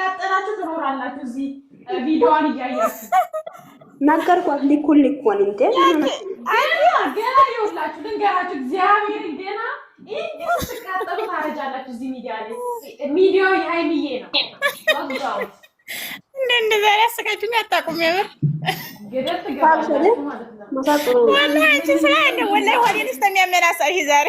እየተቃጠላችሁ ትኖራላችሁ። እዚህ ቪዲዮዋን እያያችሁ ነገርኳት። ሊኩን ሊኩን እንደ ገና ይኸውላችሁ ልንገራችሁ፣ እግዚአብሔር ገና እንዲሁ ትቃጠሉ ታረጃላችሁ። እዚህ ሚዲያ ላይ ሚዲያው የሀይሚዬ ነው። እንደ እንደ ዛሬ አሰቃችሁኝ የምር ወላሂ አንቺ ስራ ወላሂ ሆዴን እስከሚያመናሳሽ ዛሬ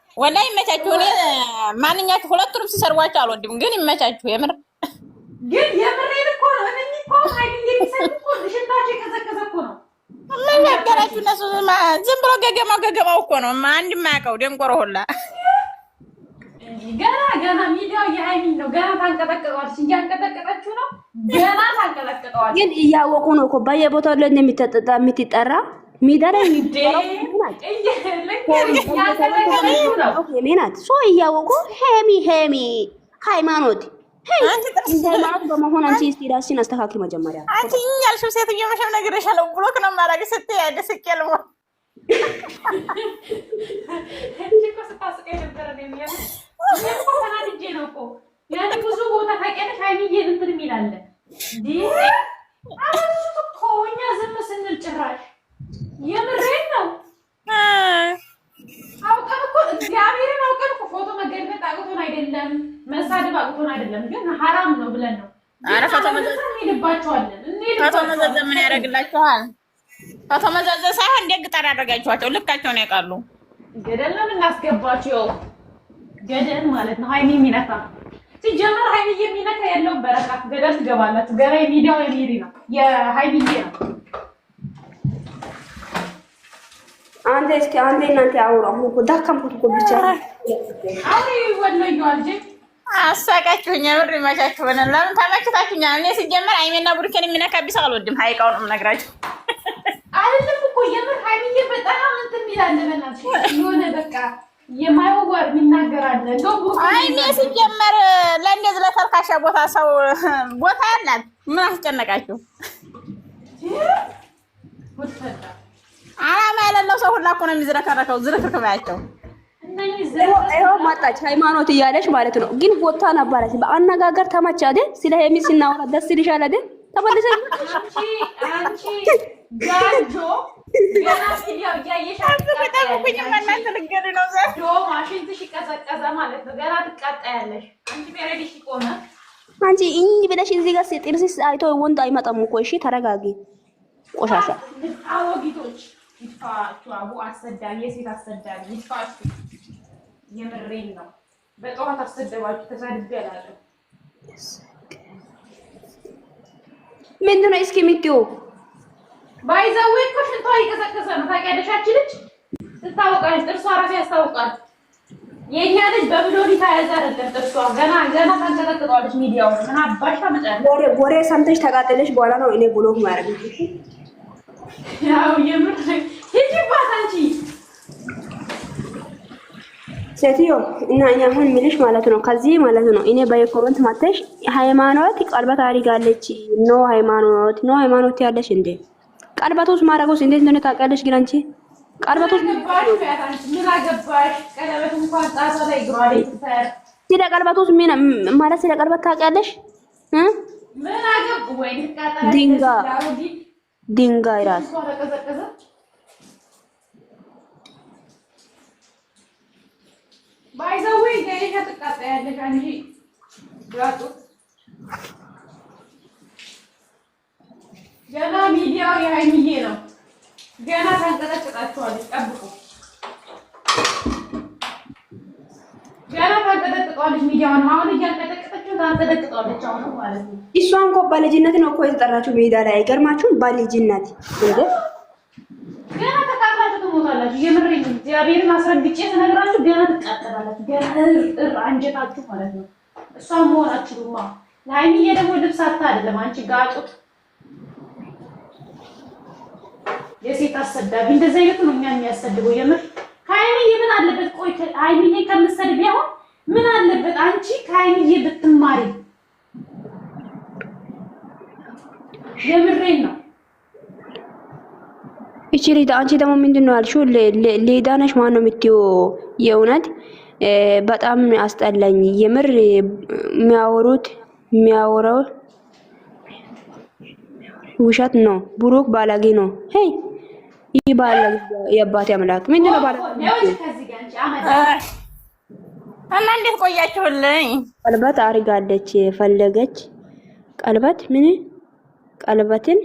ወላሂ ይመቻችሁ። እኔ ማንኛችሁ ሁለቱንም ሲሰርቧቸው አልወድም፣ ግን ይመቻችሁ። የምር ግን የምሬን እኮ ነው። እኔ እኮ ሽታቸው የቀዘቀዘ እኮ ነው። ምን ነገራችሁ? እነሱ ዝም ብሎ ገገማው ገገማው እኮ ነው። አንድ የማያውቀው ደንቆሮ ሁላ ገና ገና ሚዲያው የሀይሚን ነው። ገና ታንቀጠቀጠዋለች፣ እያንቀጠቀጠችው ነው። ገና ታንቀጠቀጠዋለች። ግን እያወቁ ነው እኮ በየቦታው ላይ እንደሚጠራ ሜዳ ላይ ናት ሶ እያወቁ ሄሚ ሄሚ ሃይማኖት ሃይማኖት በመሆን አንቺ እስኪ እራስሽን አስተካክል። መጀመሪያ አንቺ ያልሽው ሴትዮ መቼም ነግሬሻለሁ ብሎክ ነው የማደርግ ስትይ ያደስቅ ያልሞ ብዙ ቦታ ታውቂያለሽ። ሃይሚዬን እንትን የሚል አቶ መዘዘ ምን ያደርግላችኋል? አቶ መዘዘ ሳይሆን ደግ ግጠር ያደርጋችኋቸው ልካቸውን ያውቃሉ። ገደል ነው የምናስገባቸው። ገደል ማለት ነው ሀይሚ የሚነካ ሲጀመር ሀይሚ የሚነካ የለውም። በረካት ገደል ትገባላችሁ። ገና የሚዲያው የሚሪ ነው የሀይሚ ነው። አንተ እስኪ አንተ እናንተ አውራ ዳካም ብቻ አሳቃችሁኛ። ምር ይመቻችሁ። በነ ለምን ታመችታችሁኛ? እኔ ሲጀመር አይሜና ቡርኬን የሚነካብስ አልወድም። ሀይቃውን ነግራችሁ። አይደለም እኮ የምር ሀይሚዬ በጣም እንትን ይላል። የሆነ በቃ የማይወር ይናገራል። አይሜ ሲጀመር ለእንደዚህ ለተልካሻ ቦታ ሰው ቦታ ያላት ምን አስጨነቃችሁ? አላማ የሌለው ሰው ሁላ እኮ ነው የሚዝረከረከው። ዝርክርክ በያቸው ይኸው መጣች ሃይማኖት እያለች ማለት ነው። ግን ቦታ ነበረች። በአነጋገር ተመቻ አይደል? ስለ ሄሚ ሲናወራ ደስ ይልሻል አይደል? ተመልሰ አንቺ እኚህ ብለሽ እዚህ ጋር ጥርስሽ አይቶ ወንድ አይመጣም እኮ። እሺ ተረጋጊ። ቆሻሻ አዎ፣ ጊቶች ይጥፋችሁ። አቡ አሰዳጊ፣ የሴት አሰዳጊ ይጥፋችሁ። የምሬን ነው። በጠዋት አሰደባችሁ ተሳድቤ አላውቅም። ምንድን ነው እስኪ የምትይው? ባይዛዌ እኮ ሽንቷ እየቀሰቀሰ ነው። ታውቂያለሽ፣ አንቺ ልጅ ትታወቃለች። ጥርሷ ራሴ ያስታውቃል። የእኛ ልጅ በብሎኒ ታያዝ አይደለም ጥርሷ ገና ገና ታንቀጠቅጠዋለች። ሚዲያው ምን አባሽ ታመጫለሽ? ወሬ ሰምተሽ ተቃጠለሽ በኋላ ነው እኔ ብሎክ ማድረግ ያው የምር ሴትዮ እና እኛ አሁን ምልሽ ማለት ነው ከዚህ ማለት ነው እኔ በየኮመንት ማተሽ ሃይማኖት ቀልበት አድርጋለች። ኖ ሃይማኖት ኖ ሃይማኖት ያለሽ እንዴ ቀልበቶስ ማረጎስ እንዴት እንደሆነ ታውቂያለሽ። ግን አንቺ ቀልበቶስ ስለ ቀልበቶስ ምን ማለት ስለ ቀልበት ታውቂያለሽ? ድንጋ ድንጋ ራስ ባይዘዊ ገይ ገና ሚዲያው የሀይሚዬ ነው። ገና ታንቀጠቅጣችኋለች። ጠብቁ። ገና ታንቀጠቅጧለች። ሚዲያውን አሁን እያንቀጠቅጠችው ታንቀጠቅጧለች። አሁን ማለት ነው። እሷ እንኳ በልጅነት ነው እኮ የተጠራችሁ ሜዳ ላይ አይገርማችሁም? በልጅነት ገና ተቃጥላችሁ ትሞታላችሁ። የምሬ እግዚአብሔርን አስረግጬ ተነግራችሁ ገና ትቃጠላላችሁ። ገና እር አንጀታችሁ ማለት ነው። እሷ መሆናችሁማ ለሀይሚዬ ደግሞ ልብስ አታ አይደለም አንቺ ጋጡት የሴት አሰዳቢ እንደዚህ አይነቱ ነው እኛ የሚያሰድበው። የምር ከሀይሚዬ ምን አለበት? ቆይ ሀይሚዬ ከምሰድ ያሁን ምን አለበት? አንቺ ከሀይሚዬ ብትማሪ የምሬን ነው። ይቺ ሊዳ አንቺ ደግሞ ምንድን ነው ያልሽው? ሊዳ ነሽ ማን ነው የምትይው? የእውነት በጣም አስጠላኝ። የምር የሚያወሩት የሚያወራው ውሸት ነው። ብሩክ ባላጌ ነው። ሄይ ይህ ባላጌ የአባቴ አምላክ ምንድን ነው ባላጌ እና እንዴት ቆያችሁልኝ? ቀልበት አርጋለች ፈለገች ቀልበት ምን ቀልበትን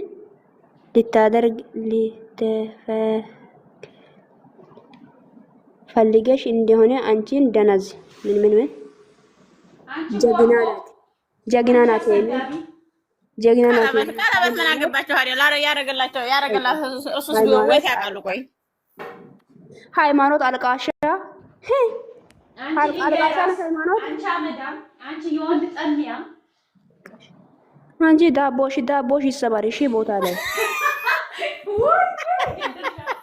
ልታደርግ ፈልገሽ እንደሆነ አንቺን ደነዝ ምን ምን ምን ጀግና ናት፣ ጀግና ናት፣ ጀግና ናት። ቀለበት ምን አገባቸው ያረገላቸው ያረገላት እሱስ ወይ ያውቃሉ። ቆይ ሃይማኖት አልቃሻ አልቃሻ አንቺ ዳቦሽ ዳቦሽ ይሰባሪ ሺህ ቦታ ላይ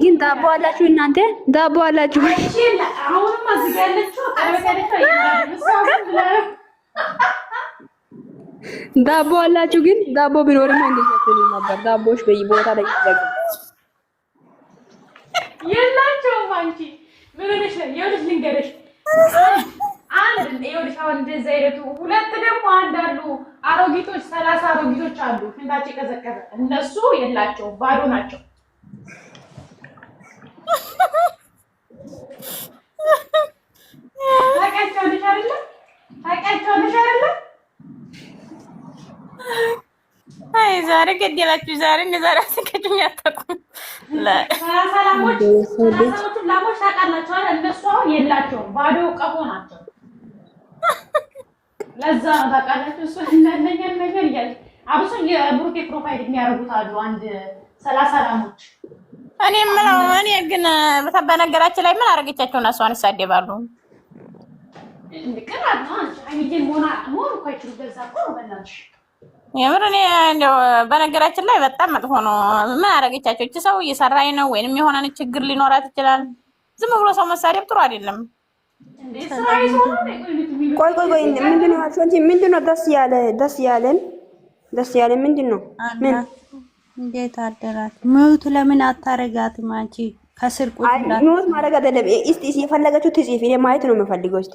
ግን ዳቦ አላችሁ እናንተ? ዳቦ አላችሁ? ዳቦ አላችሁ? ግን ዳቦ ቢኖርም እንደዚህ ነበር። ዳቦዎች በየቦታ ላይ ይዘጋል። ሁለት ደግሞ አንድ አሉ። አሮጊቶች ሰላሳ አሮጊቶች አሉ። ሽንታቸው ቀዘቀዘ። እነሱ የላቸው ባዶ ናቸው። ታውቂያቸዋለሽ አይደለ? ታውቂያቸዋለሽ አይደለ? አይ ዛሬ ገደላችሁ። ዛሬ እንደዛሬ አስቀጭኝ አታውቁም። ሰላሞች እነሱ አሁን የላቸውም፣ ባዶ ቀፎ ናቸው። ለዛ ነው ታውቃላችሁ። እሱ እንደነኛን ነገር እያለ አብሶ የብሩኬ ፕሮፋይል የሚያደርጉት አሉ አንድ ሰላሳ ላሞች እኔ የምለው እኔ ግን በነገራችን ላይ ምን አደረገቻቸው? እሷን ይሳደባሉ። የምር እኔ እንደው በነገራችን ላይ በጣም መጥፎ ነው። ምን አደረገቻቸው? እቺ ሰው እየሰራኝ ነው ወይንም የሆነን ችግር ሊኖራት ይችላል። ዝም ብሎ ሰው መሳደብ ጥሩ አይደለም። ቆይ ቆይ ቆይ ምንድን ነው አንቺ ምንድን ነው ደስ ያለ ደስ ያለን ደስ ያለን ምንድን ነው? ምን እንዴት አደራት መብቱ ለምን አታረጋትም አንቺ ከስር ቁጭ ብላ ማድረግ አይደለም። እስቲ የፈለገችው ትጽፍ። እኔ ማየት ነው የምፈልገው እስቲ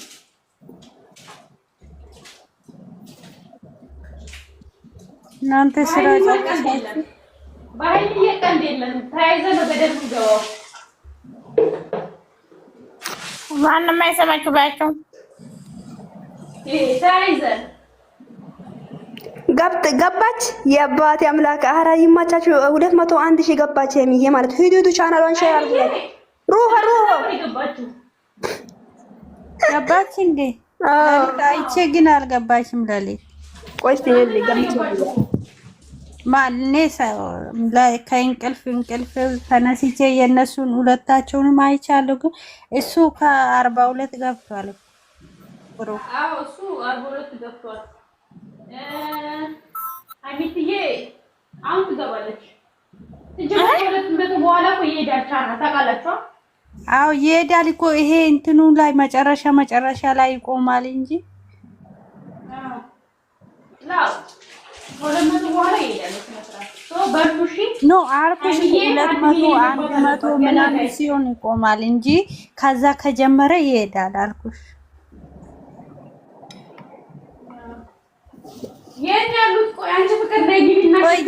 እናንተ ስራ ባህል እየቀንድ የለም ተያይዘ ነው ገደል የሚገባው። ማንም አይሰማችሁ ባያቸው ተያይዘ ገባች። የአባቴ አምላክ አራ ይማቻችሁ። ሁለት መቶ አንድ ሺህ ገባች። የሚሄ ማለት ሂዱ ሂዱ፣ ቻናሏን ሸር አድርጉ። ሩህ ሩህ ገባች እንዴ? አይቼ ግን አልገባችም። ለሌ ቆይ ስትሄድ ገምቼ ማኔ ከእንቅልፍ እንቅልፍ ተነስቼ የእነሱን ሁለታቸውንም አይቻለሁ። ግን እሱ ከአርባ ሁለት ገብቷል። እሱ አርባ ሁለት ገብቷል። አሁን ትገባለች። በኋላ ታውቃላችሁ። አዎ ይሄዳል እኮ ይሄ እንትኑ ላይ መጨረሻ መጨረሻ ላይ ይቆማል እንጂ ኖ አርብ ሁለት መቶ አንድ መቶ ምናምን ሲሆን ይቆማል እንጂ ከዛ ከጀመረ ይሄዳል አልኩሽ።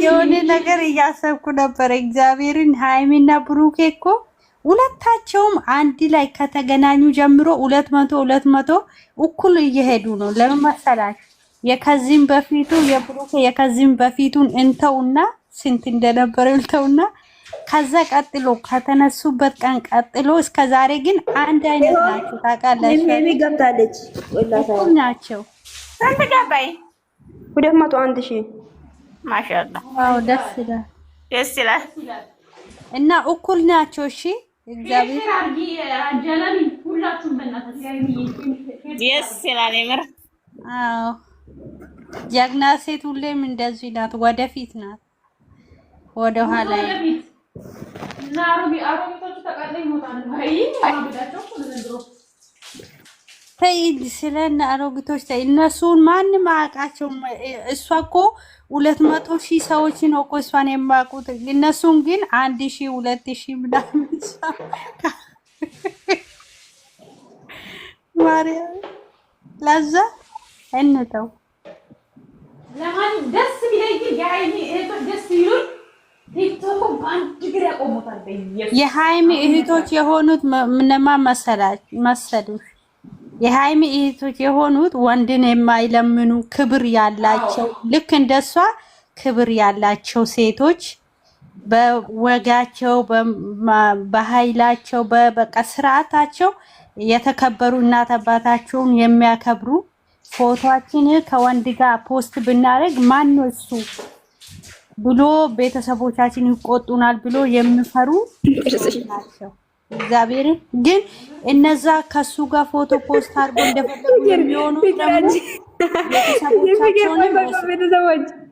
የሆነ ነገር እያሰብኩ ነበር። እግዚአብሔርን ሀይሚና ብሩኬ እኮ ሁለታቸውም አንድ ላይ ከተገናኙ ጀምሮ ሁለት መቶ ሁለት መቶ እኩል እየሄዱ ነው። ለምን መሰላችሁ? የከዚህም በፊቱ የብሩክ የከዚህም በፊቱን እንተውና ስንት እንደነበረ ልተውና ከዛ ቀጥሎ ከተነሱበት ቀን ቀጥሎ እስከ ዛሬ ግን አንድ አይነት ናቸው። ታውቃለች ገብታለች ናቸው ስንት ገባይ ሁለት መቶ አንድ ሺ ማሻላ ደስ ይላል፣ ደስ ይላል። እና እኩል ናቸው። እሺ እግዚአብሔር ደስ ይላል የምር አዎ ጀግና ሴት ሁሌም እንደዚህ ናት። ወደፊት ናት፣ ወደ ተይ ስለ አሮጊቶች ተይ። እነሱን ማንም አያውቃቸውም። እሷ እኮ ሁለት መቶ ሺህ ሰዎች ነው እኮ እሷን የማያውቁት። እነሱን ግን አንድ ሺህ ሁለት ሺህ ምናምን ማርያም ለዛ እንተው ለማንም ደስ ቢለኝ የሀይሚ እህቶች ደስ ይሉኝ። ቲክቶክም በአንድ እግር ያቆሙታል። የሀይሚ እህቶች የሆኑት መሰሉ? የሀይሚ እህቶች የሆኑት ወንድን የማይለምኑ ክብር ያላቸው ልክ እንደሷ ክብር ያላቸው ሴቶች በወጋቸው በኃይላቸው በበቃ ስርዓታቸው የተከበሩ እናት አባታቸውን የሚያከብሩ ፎቶችን ከወንድ ጋር ፖስት ብናደርግ ማን ነው እሱ ብሎ ቤተሰቦቻችን ይቆጡናል ብሎ የሚፈሩ ናቸው። እግዚአብሔር ግን እነዛ ከሱ ጋር ፎቶ ፖስት አድርጎ እንደፈለጉ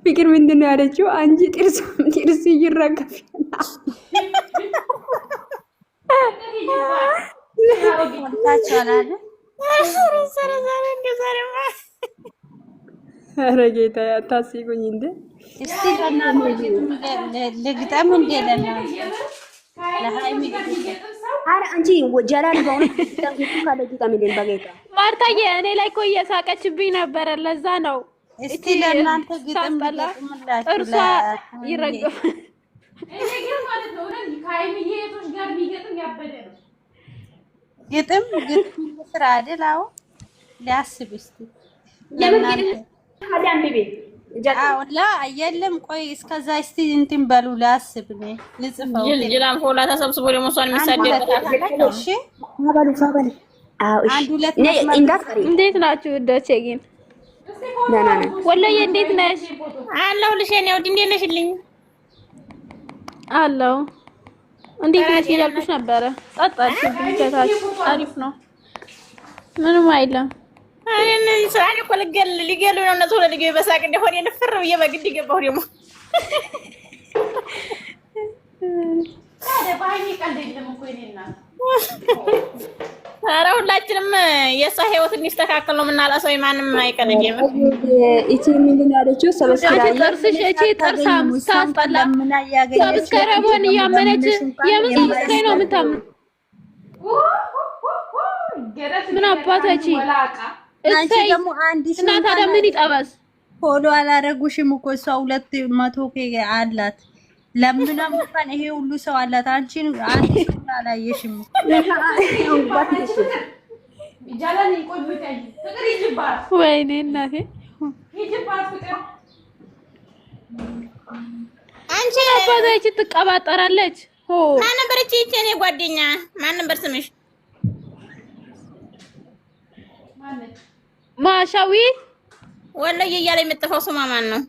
ፍቅር ምንድን ነው ያለችው? አንቺ ጥርስ ይረገፍ ኧረ ጌታ አታስቁኝ እንዴ! እስቲ ልግጠም እንዴ አንቺ ጀላል ማርታዬ፣ እኔ ላይ እኮ እየሳቀችብኝ ነበረ። ለዛ ነው እስቲ ለእናንተ ግጥም እርሷ ይረግማል ግጥም ግጥም ስራ አይደል? አዎ ሊያስብ እስቲ የለም ቆይ፣ እስከዛ እስቲ እንትን በሉ ሊያስብ ነው ልጽፈው። ሆላ ተሰብስቦ ደግሞ እሷን የሚሳደብበት ናችሁ ውዶቼ? ግን ወላሂ እንዴት ነሽ? አለሁልሽ። እኔ ውድ እንዴት ነሽልኝ? አለሁ እንዴት ነሽ እያልኩሽ ነበረ። ጸጥ አልሽብኝ። አሪፍ ነው፣ ምንም አይለም። እነዚህ ስራን እኮ ልገል ሊገሉ ነው እነሱ ሁለት በሳቅ እንደሆነ ንፍር ብዬ በግድ ገባሁ። ደግሞ ታዲያ ባህል ቀልድ የለም እኮ የእኔ ኧረ ሁላችንም የሰው ህይወት እንዲስተካከል ነው የምናላሰው። ማንም አይቀር እያመነች የምን ነው የምታምኑ? ምን አባታቺ እናታ ደምን ይጠበስ ሆዶ አላረጉሽም እኮ እሷ ሁለት መቶ አላት ለምንም እንኳን ይሄ ሁሉ ሰው አላት። አንቺን አንቺ አላየሽም። ወይኔ እናቴ አንቺ ትቀባጠራለች። ማን ነበረች እኔ ጓደኛ ማን ነበር ስምሽ? ማሻዊ ወላሂ እያለ የምጠፋው ስሟ ማን ነው?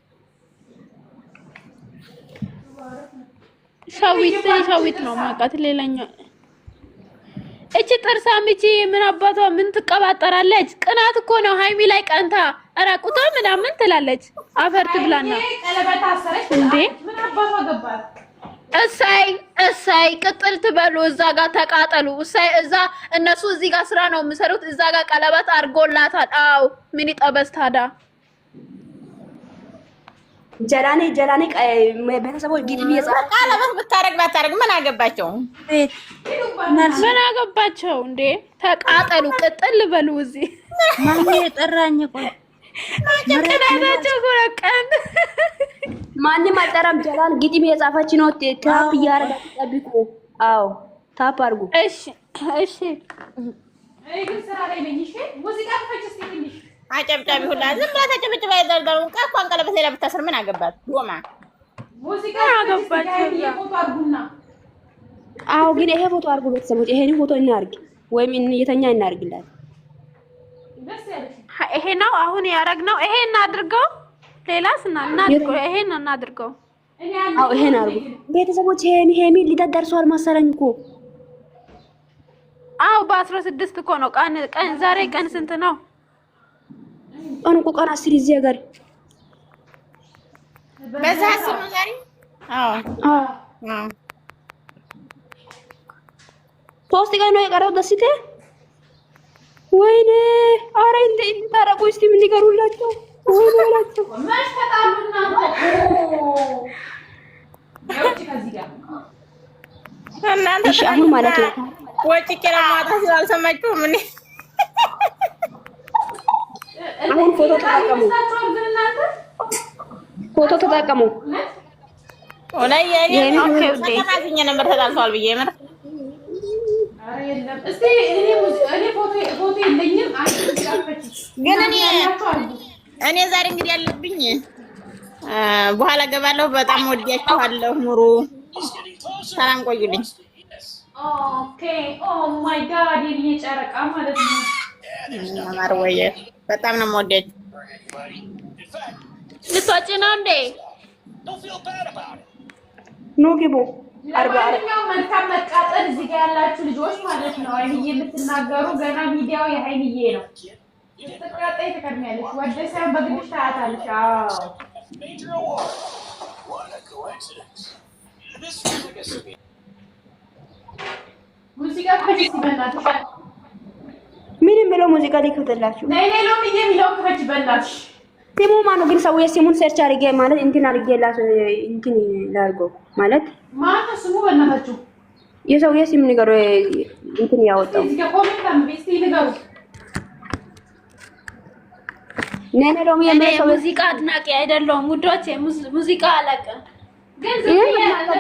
ሻዊት ሻዊት ነው ማውቃት። ሌላኛው እቺ ጥርሳ ምቺ ምን አባቷ ምን ትቀባጠራለች? ቅናት እኮ ነው ሀይሚ ላይ ቀንታ ራቁቷ ምናምን ትላለች። አፈር ትብላና እንዴ እሳይ እሳይ ቅጥል ትበሉ፣ እዛ ጋር ተቃጠሉ። እሳይ እዛ እነሱ እዚህ ጋር ስራ ነው የምሰሩት እዛ ጋር ቀለበት አድርጎላታል። አዎ ምን ይጠበስ ታዲያ? ጀላኔ ጀላኔ ቤተሰቦች ግቢ ቀለበት ብታደረግ ባታደረግ ምን አገባቸው? ምን አገባቸው እንዴ? ተቃጠሉ፣ ቅጥል በሉ። እዚህ ማን የጠራኝ? ቆይ ቅዳታቸው ጎረቀን ማንም አልጠራም። ጀላን ግጥም የጻፈች ነው። ታፕ እያደረጋችሁ ጠብቁ። አዎ ታፕ አድርጉ። እሺ፣ እሺ። ሙዚቃ አጨብጫቢ ሁላ ዝም ብላ ተጨብጭባ የዘርዘሩ ቀፏን ቀለበት ሌላ ብታስር ምን አገባት? ዶማ አገባት። አዎ ግን ይሄ ፎቶ አድርጉ ቤተሰቦች፣ ይሄን ፎቶ እናርግ ወይም እየተኛ እናርግላት። ይሄ ነው አሁን ያደረግነው። ይሄ እናድርገው። ሌላስ እናድርገው። ይሄን እናድርገው። አዎ ይሄን አድርጉ ቤተሰቦች። ሄሚ ሄሚ ሊዳት ደርሷል መሰለኝ እኮ አዎ። በአስራ ስድስት እኮ ነው ቀን ቀን ዛሬ ቀን ስንት ነው? ቀኑ እኮ ቀን አስር እዚህ ሀገር በዛ አስር ነው ዛሬ። አዎ አዎ ሶስት ቀን ነው የቀረው። ደስቴ ወይኔ! አረ እንደ እንታረቁ እስቲ ምን ይገሩላችሁ? ወይኔ አላችሁ እናንተ አሁን ማለት ነው ወጪ ከራ ማታ ስላልሰማችሁ ምን አሁን ፎቶ ተጠቀሙ፣ ፎቶ ተጠቀሙ። ነበር ተጣልተዋል ብዬ እኔ ዛሬ እንግዲህ ያለብኝ በኋላ ገባለሁ። በጣም ወዲያችኋለሁ። ኑሩ፣ ሰላም ቆዩልኝ። ኦኬ ኦ ማይ ጋድ የጨረቃ ማለት ነው በጣም ነው የምወደድ። ልትወጪ ነው እንዴ? ኑ ግቡ። ለማንኛውም መልካም መቃጠል። እዚህ ጋ ያላችሁ ልጆች ማለት ነው አይንዬ የምትናገሩ ገና ሚዲያው የአይንዬ ነው። ስትቃጠይ ትቀድሚያለሽ። ወደ ሳይሆን በግድሽ ታያታለሽ። ሙዚቃ ምን ብሎ ሙዚቃ ሊከተላችሁ ነይ ነይ ነው ምንም ነው ከፈጅ በላሽ ስሙ ማን ግን ሰው ስሙን ሰርች አድርጌ ማለት እንትን አድርጌላት እንትን ላርጎ ማለት ማታ ስሙ በእናታችሁ የሰውዬ ስም ንገሩ እንትን ያወጣው ነይ ነይ ነው የምለው ሙዚቃ አድናቂ አይደለሁም ውዶቼ ሙዚቃ አላውቅም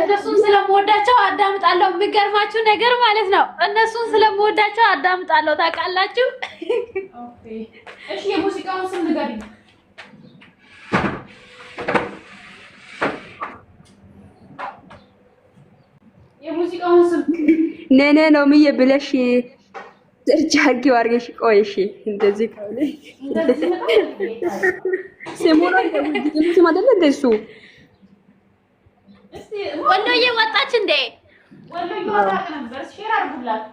እነሱን ስለምወዳቸው አዳምጣለሁ። የሚገርማችሁ ነገር ማለት ነው እነሱን ስለምወዳቸው አዳምጣለሁ። ታውቃላችሁ። የሙዚቃውን ስም ንገሪኝ። ነነ ነው ምዬ ብለሽ ሰርቻጊ አድርገሽ ቆይ። እሺ እንደዚህ ከሆነ ስሙ ነው ስም አይደለ እንደሱ ወንዶዬ ወጣች እንዴ? ወንዶዬ ወጣች ነበር። ሼር አድርጉላት